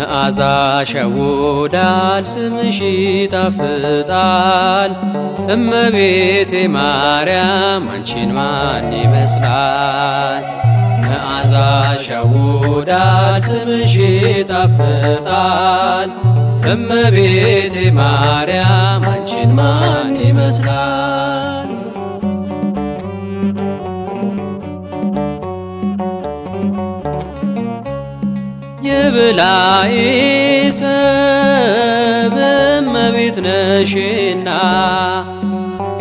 መዓዛ ሸውዳል ስምሽ ይጣፍጣል እመቤቴ ማርያም አንቺን ማን ይመስላል? መዓዛ ሸውዳል ስምሽ ይጣፍጣል እመቤቴ ማርያም አንቺን ማን ይመስላል? የበላይ ሰብ እመቤት ነሽና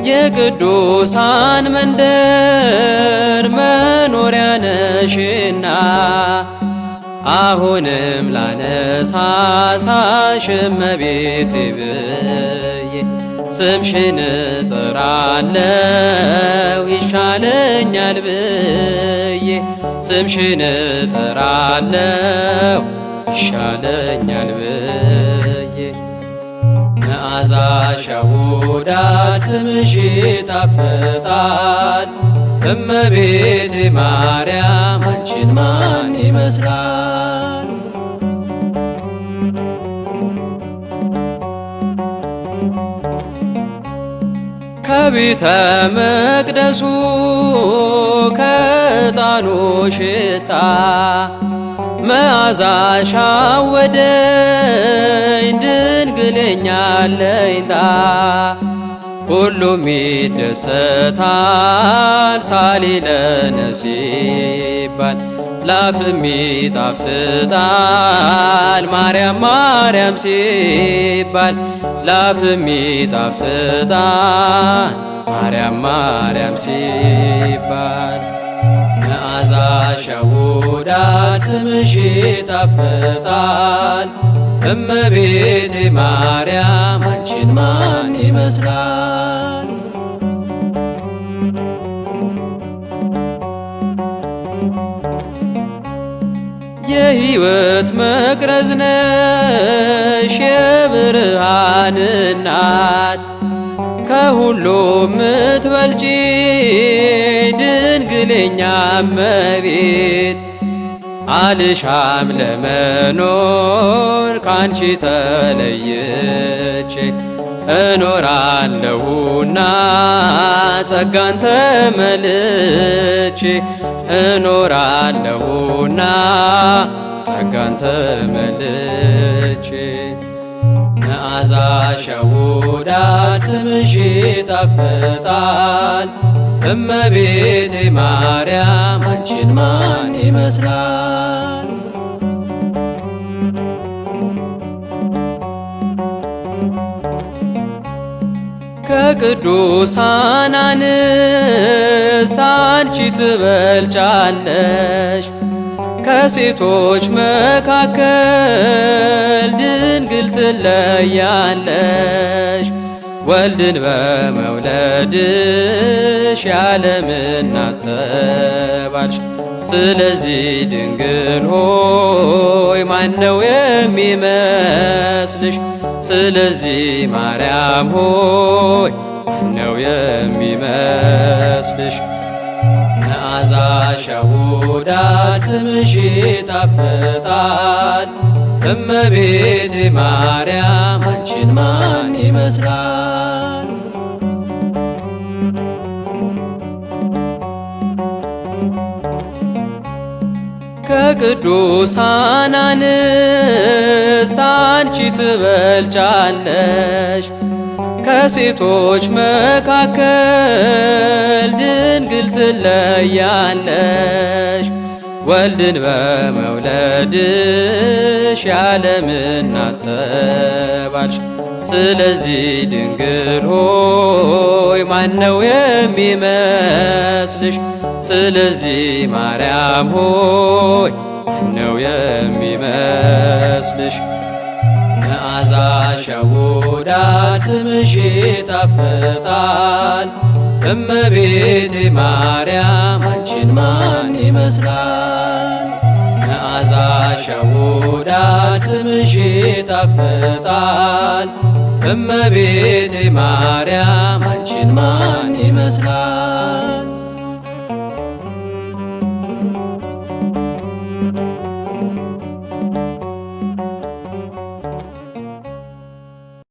የቅዱሳን መንደር መኖሪያ ነሽና አሁንም ላነሳሳሽ እመቤቴ ብዬ ስምሽን ጥራለው ይሻለኛል ብዬ ስምሽን ጠራለው ይሻለኛል ብዬ መዓዛሽ ያውዳል ስምሽ ይጣፍጣል እመቤቴ ማርያም አንቺን ማን ይመስላል ከቤተ መቅደሱ ከዕጣኑ ሽታ መዓዛሽ አወደኝ ድንግልኛ ለይታ ሁሉም ይደሰታል ሳሊ ላፍም ይጣፍጣል ማርያም ማርያም ሲባል ላፍም ይጣፍጣል ማርያም ማርያም ሲባል መዓዛ ሸውዳት ስምሽ ይጣፍጣል እመቤቴ ማርያም አንቺን ማን ይመስላል የሕይወት መቅረዝ ነሽ የብርሃን እናት ከሁሉ ምትበልጪ ድንግሌኛ እመቤት አልሻም ለመኖር ካንቺ ተለየቼ እኖራለሁና ጸጋን ተመልቼ እኖራለሁና ጸጋን ተመልቼ መዓዛ ሸውዳት ስምሽ ይጣፍጣል እመቤቴ ማርያም አንቺን ማን ይመስላል? ከቅዱሳን አንስት አንቺ ትበልጫለሽ። ከሴቶች መካከል ድንግል ትለያለሽ። ወልድን በመውለድሽ ያለምና ተባልሽ። ስለዚህ ድንግል ሆይ ማን ነው የሚመስልሽ? ስለዚህ ማርያም ሆይ ነው የሚመስልሽ መዓዛሽ ያውዳል፣ ስምሽ ይጣፍጣል። እመቤቴ ማርያም አንቺን ማን ይመስላል? ከቅዱሳን አንስት አንቺ ትበልጫለሽ። ከሴቶች መካከል ድንግል ትለያለሽ ወልድን በመውለድ ስምሽ የዓለም እናት ተባልሽ። ስለዚህ ድንግል ሆይ ማን ነው የሚመስልሽ? ስለዚህ ማርያም ሆይ ማነው የሚመስልሽ? መዓዛሽ ያውዳል ስምሽ ይጣፍጣል። እመቤቴ ማርያም አንቺን ማን ይመስላል? መዓዛሽ የውዳት ስምሽ ይጣፍጣል። እመቤቴ ማርያም አንቺን ማን ይመስላል?